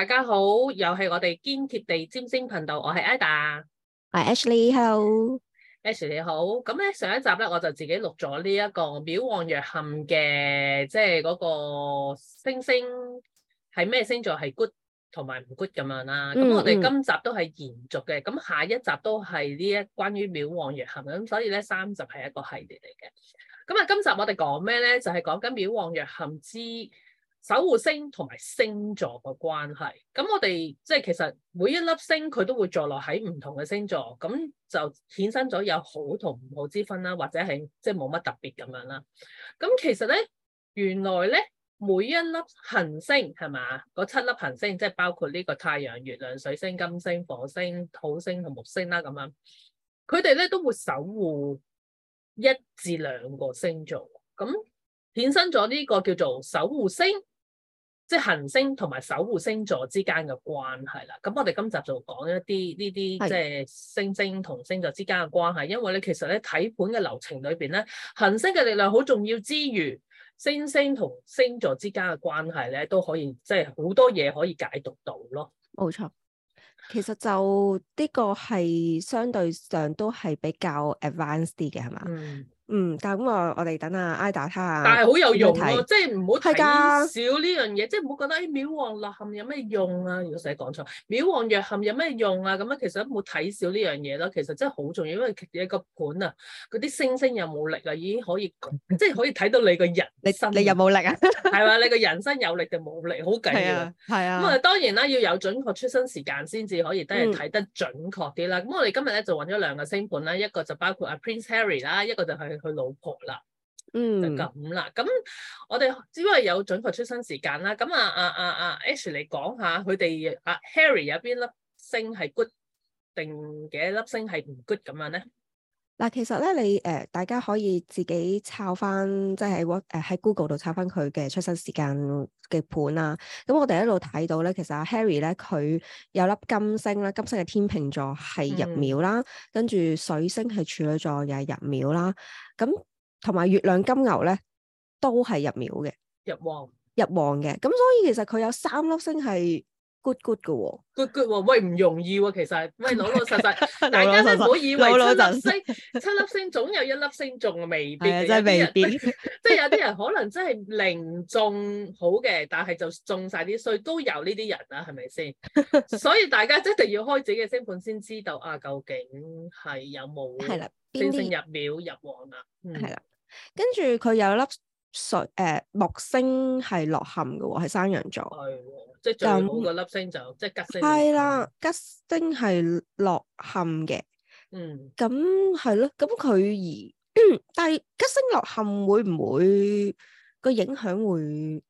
大家好，又係我哋堅貼地占星頻道，我係 Ada，我係 Ashley，你好 Ashley，你好。咁咧上一集咧我就自己錄咗呢一個廟旺弱陷嘅，即係嗰個星星係咩星座係 good 同埋唔 good 咁樣啦。咁我哋今集都係延續嘅，咁下一集都係呢一關於廟旺弱陷咁，所以咧三集係一個系列嚟嘅。咁啊，今集我哋講咩咧？就係講緊廟旺弱陷之守護星同埋星座嘅關係，咁我哋即係其實每一粒星佢都會坐落喺唔同嘅星座，咁就衍生咗有好同唔好之分啦，或者係即係冇乜特別咁樣啦。咁其實咧，原來咧，每一粒行星係嘛，嗰七粒行星即係包括呢個太陽、月亮、水星、金星、火星、土星同木星啦咁樣，佢哋咧都會守護一至兩個星座，咁衍生咗呢個叫做守護星。即係行星同埋守護星座之間嘅關係啦，咁我哋今集就講一啲呢啲即係星星同星座之間嘅關係，是因為咧其實咧睇盤嘅流程裏邊咧，行星嘅力量好重要之餘，星星同星座之間嘅關係咧都可以即係好多嘢可以解讀到咯。冇錯，其實就呢、這個係相對上都係比較 advanced 啲嘅，係嘛？嗯。嗯，但係咁我我哋等下挨打他啊。但係好有用喎，即係唔好睇少呢樣嘢，即係唔好覺得誒，廟旺弱陷有咩用啊？如果使講錯，廟旺弱陷有咩用啊？咁啊，啊，其實都唔好睇少呢樣嘢咯。其實真係好重要，因為一個盤啊，嗰啲星星又冇力啊，已經可以 即係可以睇到你個人 你，你身有冇力啊？係 嘛，你個人身有力就冇力，好計噶。係 啊。咁啊，嗯、當然啦，要有準確出生時間先至可以，都係睇得準確啲啦。咁、嗯、我哋今日咧就搵咗兩個星盤啦，一個就包括阿 Prince Harry 啦，一個就去、是。佢老婆啦，嗯，就咁啦。咁我哋只不過有準確出生時間啦。咁啊啊啊啊，Ash 你講下佢哋啊 Harry 有邊粒星係 good 定嘅粒星係唔 good 咁樣咧？嗱，其實咧，你誒、呃、大家可以自己抄翻，即係喎誒喺、呃、Google 度抄翻佢嘅出生時間嘅盤啦。咁我哋一路睇到咧，其實 Harry 咧佢有粒金星啦，金星嘅天秤座係入廟啦，嗯、跟住水星係處女座又係入廟啦。咁同埋月亮金牛咧都係入廟嘅，入旺王入旺嘅。咁所以其實佢有三粒星係。good good 嘅喎、哦，good good 喎、哦，喂唔容易喎、哦，其實喂老老實實， 大家都唔好以為七粒星 七粒星總有一粒星仲未必，即係未必，即係有啲人可能真係零中好嘅，但係就中晒啲衰，都有呢啲人啊，係咪先？ 所以大家一定要開自己嘅星盤先知道啊，究竟係有冇星，星星入廟入旺啊？係、嗯、啦，跟住佢有粒。水誒、呃、木星係落陷嘅喎、哦，係山羊座。係，即 係那最尾個粒星就即係吉星。係啦，吉星係落陷嘅。嗯，咁係咯，咁佢而但係吉星落陷會唔會個影響會？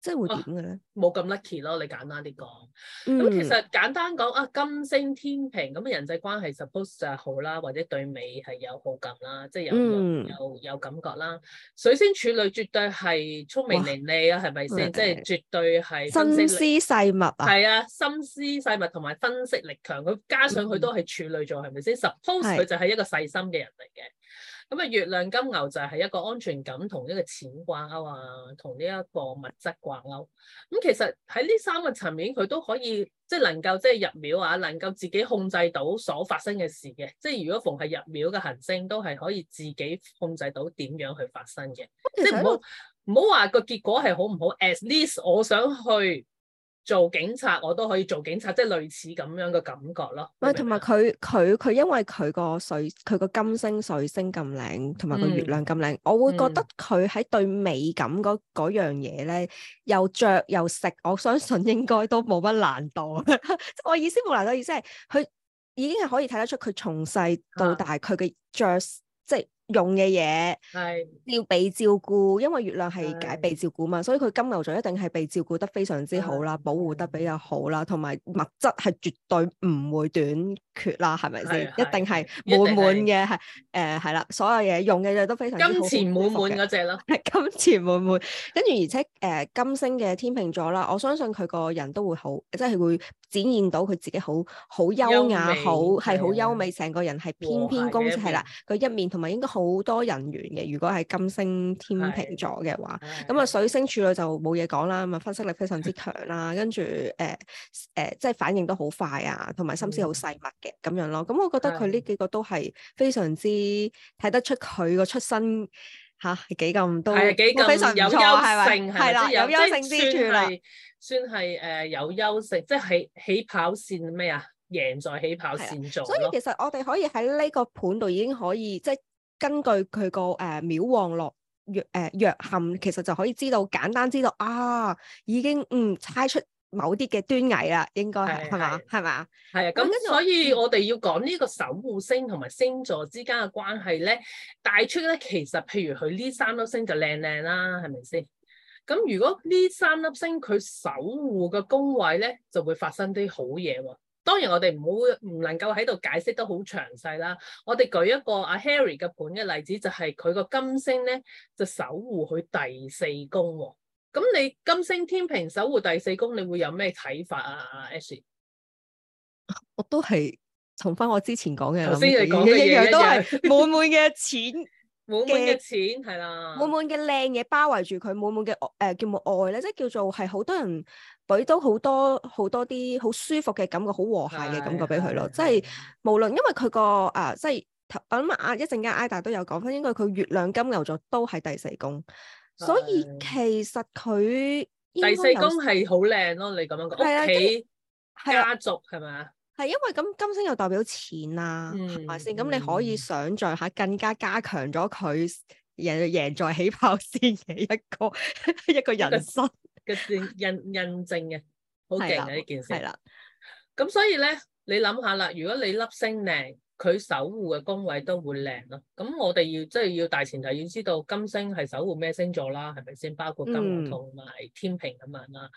即係會點嘅咧，冇咁 lucky 咯。你簡單啲講，咁、嗯、其實簡單講啊，金星天平咁嘅人際關係 suppose 就係好啦，或者對美係有好感啦，即係有有有，有感覺啦。嗯、水星處女絕對係聰明伶俐啊，係咪先？吧即係絕對係心思細密啊，係啊，心思細密同埋分析力強。佢、啊啊、加上佢都係處女座，係咪先？suppose 佢就係一個細心嘅人嚟嘅。咁啊，月亮金牛就係一個安全感同一個錢掛鈎啊，同呢一個物質掛鈎。咁、嗯、其實喺呢三個層面，佢都可以即係能夠即係入廟啊，能夠自己控制到所發生嘅事嘅。即係如果逢係入廟嘅行星，都係可以自己控制到點樣去發生嘅。其實即係唔好唔好話個結果係好唔好。 At least 我想去。做警察我都可以做警察，即係類似咁樣嘅感覺咯。唔係，同埋佢佢佢，因為佢個水，佢個金星水星咁靚，同埋個月亮咁靚，嗯、我會覺得佢喺對美感嗰樣嘢咧，又着又食，我相信應該都冇乜難度。即 係我意思冇難度意思係，佢已經係可以睇得出佢從細到大佢嘅、啊、著即係。用嘅嘢係，要被照顧，因為月亮係解被照顧嘛，所以佢金牛座一定係被照顧得非常之好啦，保護得比較好啦，同埋物質係絕對唔會短缺啦，係咪先？一定係滿滿嘅，係誒係啦，所有嘢用嘅嘢都非常金錢滿滿嗰隻咯，金錢滿滿。跟住而且誒金星嘅天秤座啦，我相信佢個人都會好，即係會展現到佢自己好好優雅，好係好優美，成個人係翩翩公子係啦，佢一面同埋應該。好多人緣嘅，如果係金星天秤座嘅話，咁啊水星處女就冇嘢講啦，咁啊分析力非常之強啦，的跟住誒誒，即係反應都好快啊，同埋心思好細密嘅咁樣咯。咁我覺得佢呢幾個都係非常之睇的得出佢個出身吓，係、啊、幾咁多，係非常有優勝，係啦，有優勝之處啦，算係誒有優勝，即係起起跑線咩啊？贏在起跑線做。所以其實我哋可以喺呢個盤度已經可以即係。根據佢個誒廟旺落弱誒弱陷，其實就可以知道簡單知道啊，已經嗯猜出某啲嘅端倪啦，應該係咪啊？係咪啊？係啊吧！咁所以我哋要講呢個守護星同埋星座之間嘅關係咧，帶、嗯、出咧其實譬如佢呢三粒星就靚靚啦，係咪先？咁如果三呢三粒星佢守護嘅宮位咧，就會發生啲好嘢喎、啊。當然我，我哋唔好唔能夠喺度解釋得好詳細啦。我哋舉一個阿 Harry 嘅本嘅例子，就係佢個金星咧就守護佢第四宮喎、哦。咁你金星天平守護第四宮，你會有咩睇法啊？Ashley？我都係同翻我之前講嘅，頭先你講嘅一樣都係滿滿嘅錢。 滿滿嘅錢係啦，滿滿嘅靚嘢包圍住佢，滿滿嘅誒叫愛咧，即、呃、係叫做係好多人俾到好多好多啲好舒服嘅感覺，好和諧嘅感覺俾佢咯。即係、就是、無論因為佢個誒即係品壓一陣間，ida 都有講翻，應該佢月亮金牛座都係第四宮，的所以其實佢第四宮係好靚咯。你咁樣講屋企家族係咪？係因為咁金星又代表錢啦，啊，係咪先？咁你可以想象下，更加加強咗佢贏贏在起跑線嘅一個 一個人生嘅印印證嘅，好勁啊呢件了事。係啦了，咁所以咧，你諗下啦，如果你粒星靚。佢守護嘅宮位都會靚咯，咁我哋要即係、就是、要大前提要知道金星係守護咩星座啦，係咪先？包括金牛同埋、嗯、天平咁樣啦。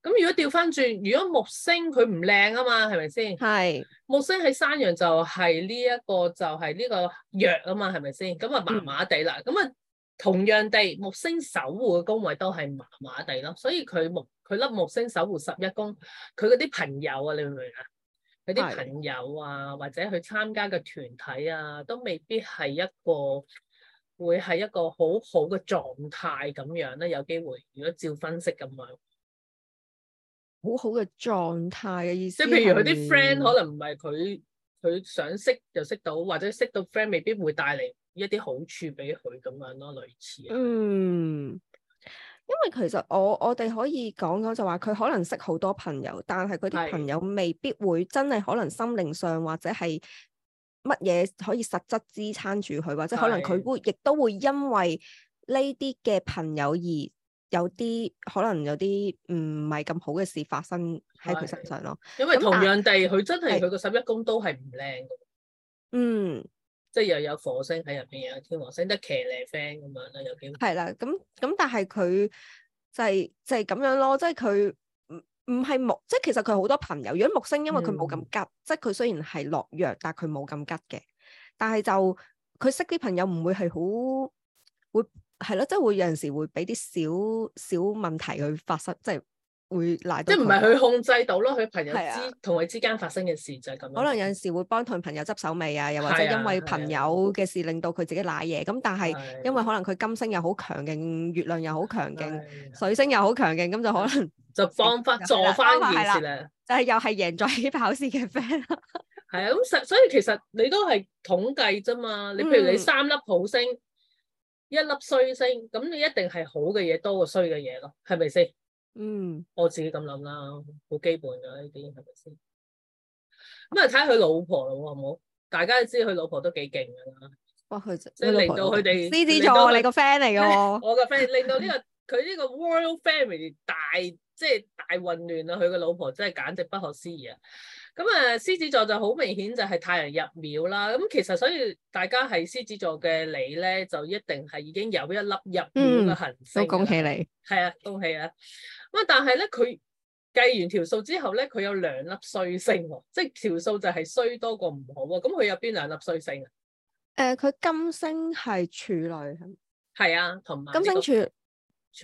咁如果調翻轉，如果木星佢唔靚啊嘛，係咪先？係是。木星喺山羊就係呢一個就係、是、呢個弱啊嘛，係咪先？咁啊麻麻地啦，咁啊、嗯、同樣地木星守護嘅宮位都係麻麻地咯，所以佢木佢粒木星守護十一宮，佢嗰啲朋友啊，你明唔明啊？佢啲朋友啊，或者佢參加嘅團體啊，都未必係一個會係一個好好嘅狀態咁樣咧。有機會，如果照分析咁樣，好好嘅狀態嘅，啊，意思，即係譬如佢啲 friend 可能唔係佢佢想識就識到，或者識到 friend 未必會帶嚟一啲好處俾佢咁樣咯，類似。嗯。因為其實我我哋可以講講，就話佢可能識好多朋友，但係佢啲朋友未必會真係可能心靈上或者係乜嘢可以實質支撐住佢，或者可能佢會亦的都會因為呢啲嘅朋友而有啲可能有啲唔係咁好嘅事發生喺佢身上咯。的那因為同樣地，佢，啊，真係佢個十一宮都係唔靚。嗯。即係又有火星喺入邊，又有天王星得騎靚 friend 咁樣啦，有，有幾係啦。咁 咁但係佢就係、是、就係、是、咁樣咯。即係佢唔唔係木，即係其實佢好多朋友。如果木星，因為佢冇咁急，嗯、即係佢雖然係落弱，但係佢冇咁急嘅。但係就佢識啲朋友，唔會係好會係咯。即係、就是、會有陣時會俾啲小小問題去發生，即係。會嗱，即係唔係佢控制到咯？佢朋友之、啊、同佢之間發生嘅事就係咁。可能有陣時會幫同朋友執手尾啊，又或者因為朋友嘅事令到佢自己瀨嘢。咁、啊、但係因為可能佢金星又好強勁，月亮又好強勁，啊、水星又好強勁，咁、啊、就可能就幫翻、啊、助翻件事咧。但係又係贏咗起跑線嘅 friend。係啊，咁實、啊啊、所以其實你都係統計啫嘛。你譬如你三粒好星，嗯、一粒衰星，咁你一定係好嘅嘢多過衰嘅嘢咯，係咪先？嗯，我自己咁諗啦，好基本噶呢啲係咪先？咁啊，睇下佢老婆啦，好唔好？大家都知佢老婆都幾勁噶啦。哇，佢即係令到佢哋獅子座，你個 friend 嚟噶。我個 friend 令到呢、這個。 佢呢個 World Family 大即係，就係大混亂啊。佢個老婆真係簡直不可思議啊！咁啊，獅子座就好明顯就係太陽入廟啦。咁其實所以大家係獅子座嘅你咧，就一定係已經有一粒入廟嘅行星。嗯，恭喜你，係啊，恭喜啊！咁啊，但係咧，佢計完條數之後咧，佢有兩粒衰星喎，即係條數就係衰多過唔好喎。咁佢入邊兩粒衰星，呃、星啊？誒，呢個，佢金星係處女係咪？係啊，同埋金星處。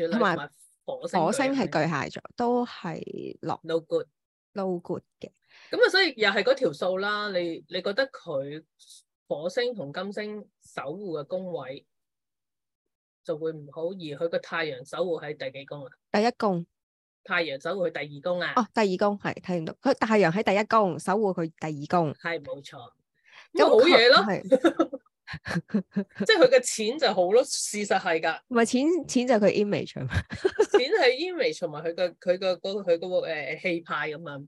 同埋火星，火星係巨蟹座，都係落 no good，no good 嘅。咁啊，所以又係嗰條數啦。你你覺得佢火星同金星守護嘅宮位就會唔好，而佢個太陽守護喺第幾宮啊？第一宮，太陽守護去第二宮啊？哦，第二宮係睇唔到，佢太陽喺第一宮守護佢第二宮，係冇錯，咁好嘢咯。 即係佢嘅錢就好咯，事實係噶，唔係錢錢就係佢 image 啊，錢係 image，同埋佢個佢個佢個誒氣派咁樣。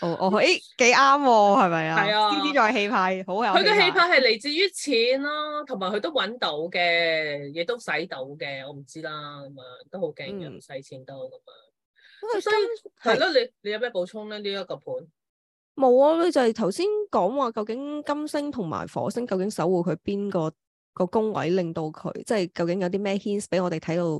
哦哦，誒幾啱係咪啊？係啊，呢啲就係氣派，好有氣。佢嘅氣派係嚟自於錢咯，同埋佢都揾到嘅，亦都使到嘅，我唔知啦咁樣，都好勁嘅，唔使、嗯、錢都咁樣。咁所以係咯，你你有咩補充咧？呢、這、一個盤？冇啊！你就係頭先講話，究竟金星同埋火星究竟守護佢邊個個宮位，令到佢即係究竟有啲咩 hint 俾我哋睇到，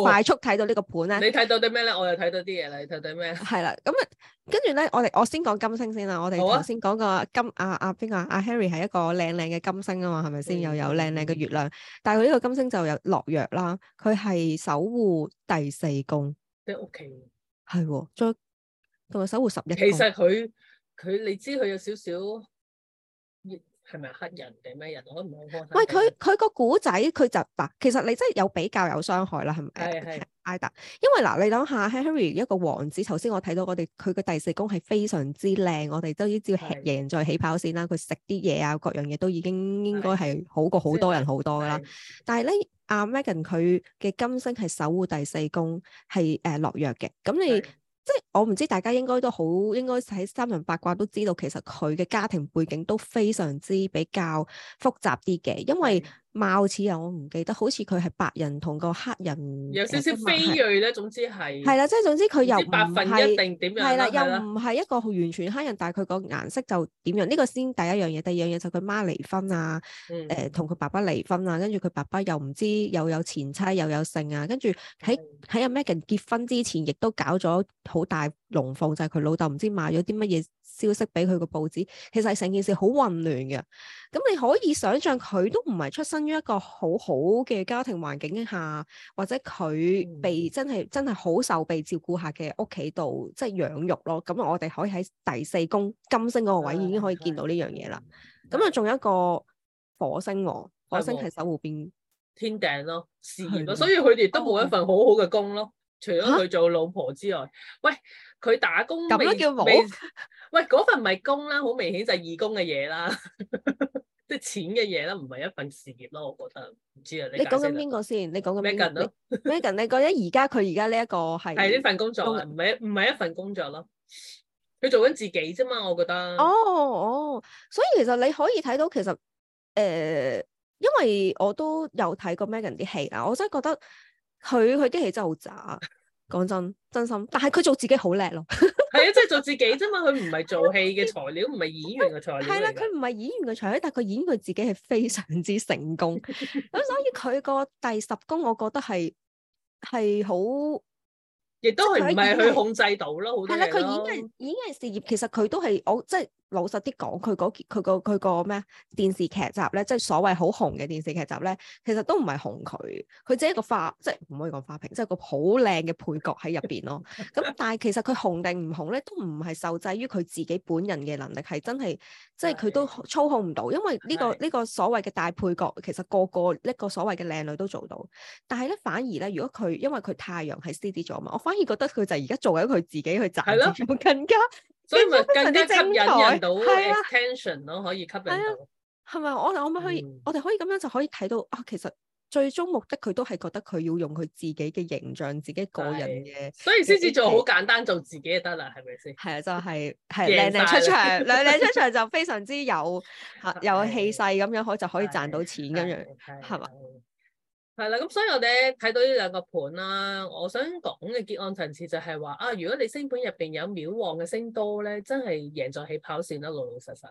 快速睇到呢個盤咧？你睇到啲咩咧？我又睇到啲嘢啦。你睇到咩？係啦，咁啊，跟住咧，我哋我先講金星先啦。我哋頭先講過金啊啊邊個啊 Harry 係一個靚靚嘅金星啊嘛，係咪先？又有靚靚嘅月亮，但係佢呢個金星就有落弱啦。佢係守護第四宮，即係屋企。係喎，再同埋守護十一宮。其實佢。佢你知佢有少少，係咪黑人定咩人？可唔好開。唔係佢佢個古仔，佢就嗱，其實你真係有比較有傷害啦，係咪？係艾達，因為嗱，你諗下，Henry 一個王子，頭先我睇到我哋佢嘅第四宮係非常之靚，我哋都已知咗贏在起跑線啦。佢食啲嘢啊，各樣嘢都已經應該係好過好多人好多噶啦。是是是但係咧，阿、啊、Megan 佢嘅金星係守護第四宮，係、呃、誒落弱嘅。咁你？是是即係我唔知大家應該都好應該喺三言八卦都知道，其實佢嘅家庭背景都非常之比較複雜啲嘅，因為。貌似啊，我唔記得，好似佢係白人同個黑人，有少少非裔呢。總之係係啦，即係總之佢又唔係係啦，又唔係一個完全黑人，嗯、但係佢個顏色就點樣？呢、呢個先第一樣嘢。第二樣嘢就佢媽離婚啊，誒同佢爸爸離婚啊，跟住佢爸爸又唔知又有前妻又有性啊，跟住喺喺阿 Megan 結婚之前，亦都搞咗好大龍鳳，就係佢老豆唔知買咗啲乜嘢。消息俾佢個報紙，其實成件事好混亂嘅。咁你可以想象佢都唔係出身於一個好好嘅家庭環境下，或者佢被真係真係好受被照顧下嘅屋企度即係養育咯。咁我哋可以喺第四宮金星嗰個位已經可以見到呢樣嘢啦。咁啊，仲有一個火星、哦，我火星係守護邊天頂咯，事業咯的所以佢哋都冇一份好好嘅工咯。啊、除咗佢做老婆之外，喂。佢打工咁樣叫冇？喂，嗰份咪工啦，好明顯就義工嘅嘢啦，即 係錢嘅嘢啦，唔係一份事業咯，我覺得。唔知啊，你你講緊邊個先？你講緊 Megan 咯？Megan，你覺得而家佢而家呢一個係係呢份工作唔係唔係一份工作咯？佢做緊自己啫嘛，我覺得。哦哦，所以其實你可以睇到，其實誒、呃，因為我都有睇過 Megan 啲戲啦，我真係覺得佢佢啲戲真係好渣。 講真，真心，但係佢做自己好叻咯。係 啊，即、就、係、是、做自己啫嘛，佢唔係做戲嘅材料，唔係 演員嘅材料。係啦、 啊，佢唔係演員嘅材料，但係佢演佢自己係非常之成功。咁 所以佢個第十宮，我覺得係係好，亦都唔係去控制到咯。係啦、 啊，佢演藝演藝事業，其實佢都係我即係。老實啲講，佢嗰佢個佢個咩電視劇集咧，即係所謂好紅嘅電視劇集咧，其實都唔係紅佢，佢只係一個花，即係唔可以講花瓶，即係個好靚嘅配角喺入邊咯。咁 但係其實佢紅定唔紅咧，都唔係受制於佢自己本人嘅能力，係真係即係佢都操控唔到，因為呢、呢個呢、 呢個呢個所謂嘅大配角，其實個個呢個所謂嘅靚女都做到。但係咧反而咧，如果佢因為佢太陽係獅子座嘛，我反而覺得佢就而家做緊佢自己去賺，更加。 所以咪更加吸引人到 attention 咯、啊，可以吸引到，係咪？我我咪可以，的我哋可以咁樣就可以睇到啊！其實最終目的佢都係覺得佢要用佢自己嘅形象、自己個人嘅，所以先至做好簡單，做自己就得啦，係咪先？係啊，就係，係靚靚出場，靚靚出場就非常之有吓有氣勢咁樣，可就可以賺到錢咁樣，係嘛？係啦，咁所以我哋睇到呢兩個盤啦，我想講嘅結案層次就係話啊，如果你星盤入邊有廟旺嘅星多咧，真係贏在起跑線啦，老老實實。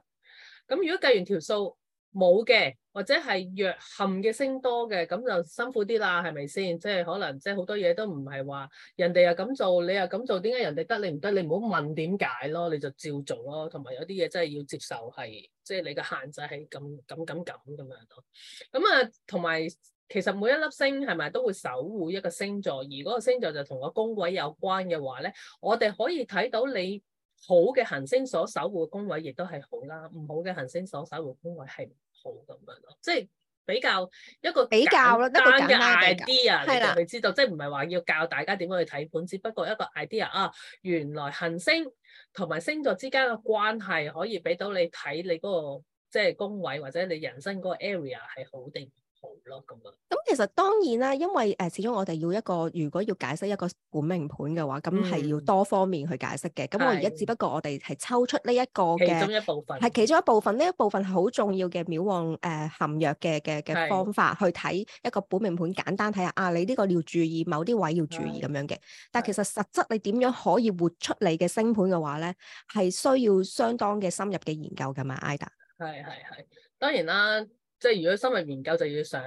咁如果計完條數冇嘅，或者係弱陷嘅星多嘅，咁就辛苦啲啦，係咪先？即係可能，即係好多嘢都唔係話人哋又咁做，你又咁做，點解人哋得你唔得？你唔好問點解咯，你就照做咯。同埋有啲嘢真係要接受係，即係你嘅限制係咁咁咁咁咁樣咯。咁啊，同埋。其實每一粒星係咪都會守護一個星座，而嗰個星座就同個宮位有關嘅話咧，我哋可以睇到你好嘅行星所守護嘅宮位，亦都係好啦；唔好嘅行星所守護宮位係唔好咁樣咯。即係比較一個比較咯，一個簡單啲 idea 啊，的你就去知道，即係唔係話要教大家點樣去睇盤，只不過一個 idea 啊，原來行星同埋星座之間嘅關係可以俾到你睇你嗰個即係宮位或者你人生嗰個 area 係好定。咯，咁啊，咁其實當然啦，因為誒、呃，始終我哋要一個，如果要解釋一個本命盤嘅話，咁係、嗯、要多方面去解釋嘅。咁我而家只不過我哋係抽出呢一個嘅，其中一部分係其中一部分呢一部分好重要嘅廟旺誒陷弱嘅嘅嘅方法是去睇一個本命盤，簡單睇下啊，你呢個要注意，某啲位要注意咁樣嘅。是但係其實實質你點樣可以活出你嘅星盤嘅話咧，係需要相當嘅深入嘅研究噶嘛，Ida。系系系，當然啦。即係如果深入研究就要上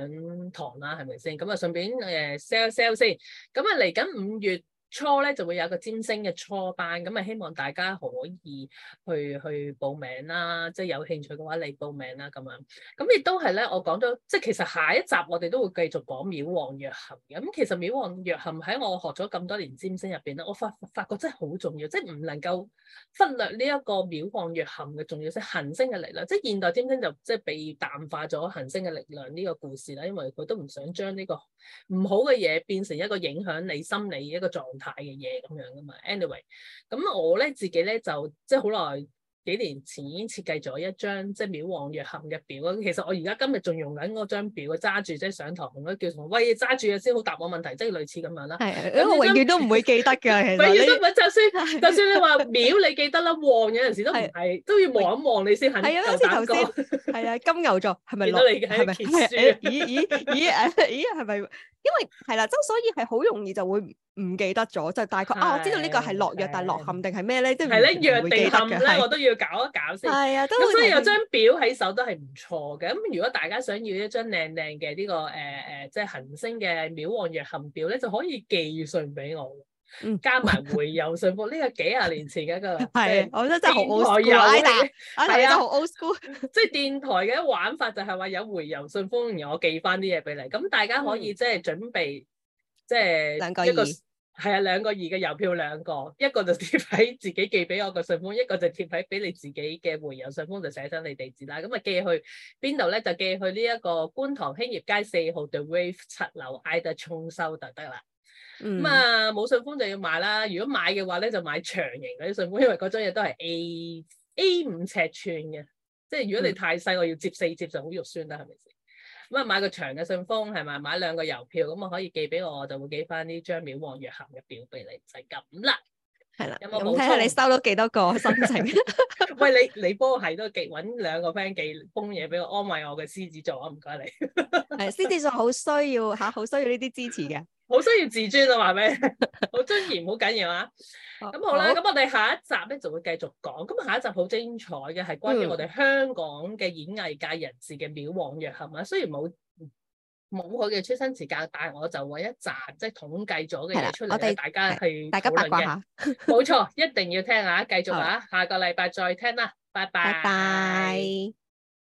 堂啦，係咪先？咁啊順便誒 sell sell 先。咁啊嚟緊五月初咧就會有一個占星嘅初班，咁咪希望大家可以去去報名啦，即係有興趣嘅話嚟報名啦咁樣。咁亦都係咧，我講咗，即係其實下一集我哋都會繼續講廟旺弱陷嘅。咁其實廟旺弱陷喺我學咗咁多年占星入邊咧，我發發覺真係好重要，即係唔能夠忽略呢、這、一個廟旺弱陷嘅重要性，行星嘅力量，即係現代占星就即係被淡化咗行星嘅力量呢個故事啦，因為佢都唔想將呢個唔好嘅嘢變成一個影響你心理一個狀太嘅嘢咁樣噶嘛？anyway，咁我咧自己咧就即係好耐幾年前已經設計咗一張即係廟旺弱陷嘅表啦。其實我而家今日仲用緊嗰張表，揸住即係上堂咧叫同喂揸住啊先好答我問題，即係類似咁樣啦。係，我永遠都唔會記得㗎。其實就算就算你話廟你記得啦，旺有陣時都唔係，都要望一望你先行。係啊，好似頭先係啊，金牛座係咪到你嘅？係咪？咦咦咦？係咪？因為係啦，即所以係好容易就會唔記得咗，就大概的啊我知道個的呢個係落藥，但係落陷定係咩咧？即係唔會記得嘅，我都要搞一搞先。係啊的，咁所以有張表喺手都係唔錯嘅。咁如果大家想要一張靚靚嘅呢個誒誒，即係行星嘅廟旺弱陷表咧，就可以寄信俾我。加埋回郵信封，呢 個幾廿年前嘅一、這個係，我覺得真係好 old school 係啊，好 old school。即係電台嘅、就是、玩法就係話有回郵信封，而我寄翻啲嘢俾你。咁大家可以即係、嗯、準備，即係兩個二，係啊，兩個二嘅郵票，兩個，一個就貼喺自己寄俾我嘅信封，一個就貼喺俾你自己嘅回郵信封，就寫上你地址啦。咁啊，寄去邊度咧？就寄去呢一個觀塘興業街四號 The Wave 七樓 Ida 冲收,收就得啦。咁、嗯、啊，冇信封就要買啦。如果買嘅話咧，就買長型嗰啲信封，因為嗰張嘢都係 A A 五尺寸嘅。即係如果你太細，我、嗯、要摺四摺就好肉酸啦，係咪先？咁啊，買個長嘅信封係咪？買兩個郵票，咁我可以寄俾我，我就會寄翻呢張廟旺弱陷嘅表俾你，就係咁啦。係啦的，咁睇下你收到幾多個心情。 喂，你你幫我係都寄搵兩個 friend 寄封嘢俾我安慰我嘅獅子座， 獅子座啊！唔該你。係獅子座好需要吓，好需要呢啲支持嘅。好需要自尊啊，話係好尊嚴，好緊要啊！咁好啦，咁好我哋下一集咧就會繼續講。咁下一集好精彩嘅係關於我哋香港嘅演藝界人士嘅廟旺藥係嘛、嗯？雖然冇冇佢嘅出生時間，但係我就揾一集即係統計咗嘅嘢出嚟，大家去大家討論嘅。冇 錯，一定要聽啊！繼續啊！好下個禮拜再聽啦，拜拜。拜拜。